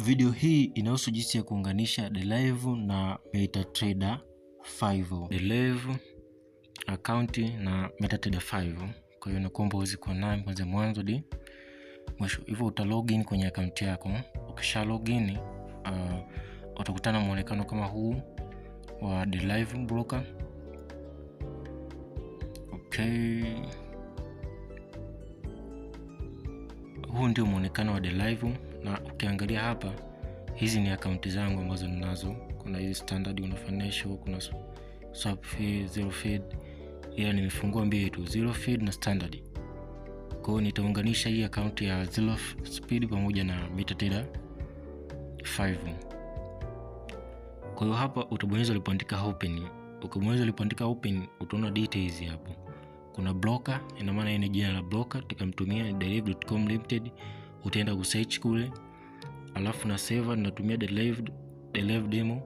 Video hii inahusu jinsi ya kuunganisha Delive na MetaTrader 5. Delive account na MetaTrader 5. Kwa hiyo nakuomba uweze kuwa nami kwanza mwanzo hadi mwisho. Hivyo uta login kwenye account yako. Ukisha login, uh, utakutana muonekano kama huu wa Delive broker. Okay. Huu ndio muonekano wa Derive na ukiangalia hapa hizi ni akaunti zangu ambazo ninazo kuna hizi standard kuna financial kuna swap fee zero feed ila nimefungua mbili tu zero feed na standard kwa hiyo nitaunganisha hii akaunti ya zero speed pamoja na metateda 5 kwa hiyo hapa utabonyeza ulipoandika open ukibonyeza ulipoandika open utaona details hapo kuna blocker ina maana hii ni jina la blocker tukamtumia derivcom limited utaenda kusearch kule alafu na seva ninatumia derived, derived demo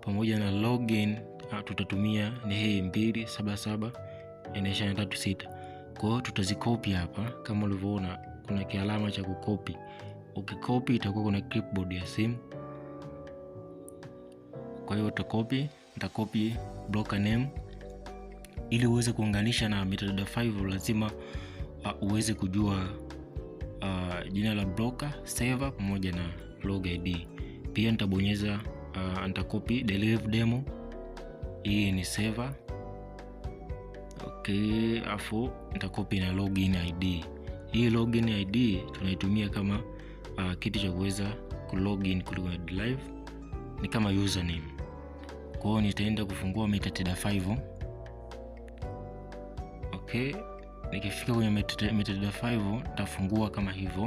pamoja na login ah, tutatumia ni hii mbili saba saba enesha tatu sita tutazikopi hapa kama ulivyoona kuna kialama cha kukopi ukikopi itakuwa kuna clipboard ya simu kwa hiyo utakopi nitakopi broker name ili uweze kuunganisha na metadata 5 lazima ah, uweze kujua uh, jina la broker server pamoja na log id pia nitabonyeza uh, nitakopi delive demo hii ni server okay afu nitakopi na login id hii login id tunaitumia kama uh, kitu cha kuweza kulogin kutoka live ni kama username kwao nitaenda kufungua metadata 5 okay nikifika kwenye metadata 5 tafungua kama hivyo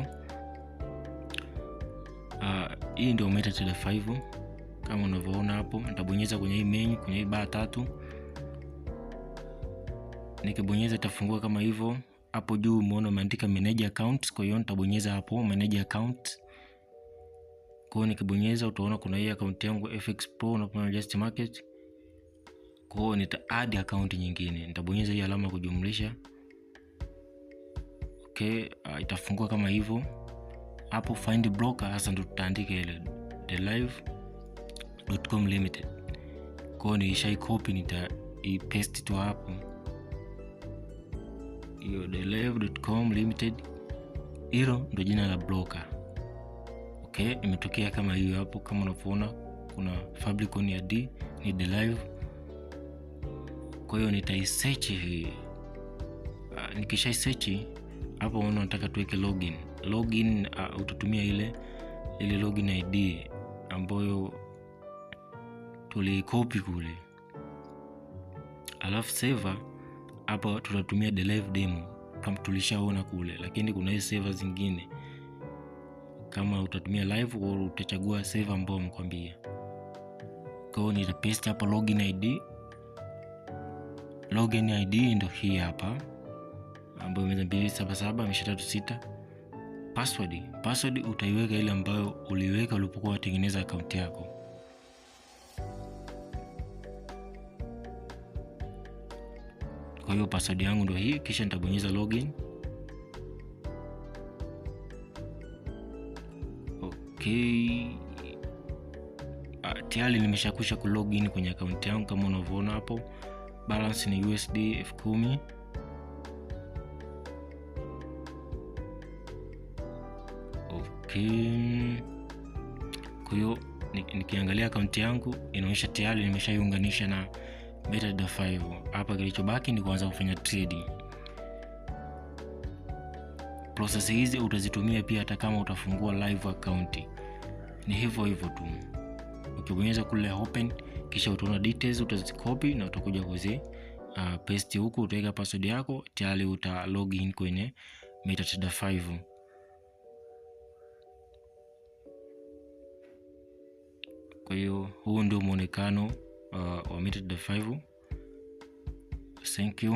uh, hii ndio metadata 5 kama unavyoona hapo nitabonyeza kwenye hii menu kwenye hii baa tatu nikibonyeza itafungua kama hivyo hapo juu umeona umeandika manage account kwa hiyo nitabonyeza hapo manage account kwa hiyo nikibonyeza utaona kuna hii account yangu fx pro na kuna just market kwa hiyo nita add account nyingine nitabonyeza hii alama kujumlisha okay, uh, itafungua kama hivyo hapo find broker hasa ndo tutaandika ile the live.com limited kwao niishaikopi nitaipaste tu hapo hiyo the live.com limited hilo ndo jina la broker okay imetokea kama hiyo hapo kama unavyoona kuna fabricon ya d ni the live kwa hiyo nitaisechi hii uh, nikishaisechi hapo unataka tuweke login login uh, utatumia ile ile login id ambayo tulikopi kule alafu seva hapa tutatumia the live demo kama tulishaona kule lakini kuna hii seva zingine kama utatumia live au utachagua seva ambayo amekwambia kwao nitapaste hapa login id login id ndo hii hapa ambayo imeza mbili saba password password utaiweka ile ambayo uliweka ulipokuwa unatengeneza akaunti yako kwa hiyo password yangu ndio hii kisha nitabonyeza login okay ah, tayari nimeshakwisha kulogin kwenye akaunti yangu kama unavyoona hapo balance ni usd elfu kumi okay. kwa hiyo nikiangalia akaunti yangu inaonyesha tayari nimeshaiunganisha na betadata 5 hapa kilichobaki ni kuanza kufanya trade prosesi hizi utazitumia pia hata kama utafungua live account ni hivyo hivyo tu ukibonyeza kule open kisha utaona details utazikopi na utakuja kuzi uh, paste huku utaweka password yako tayari uta login kwenye metadata 5 kwa hiyo huu ndio mwonekano uh, wa metre de 5 thank you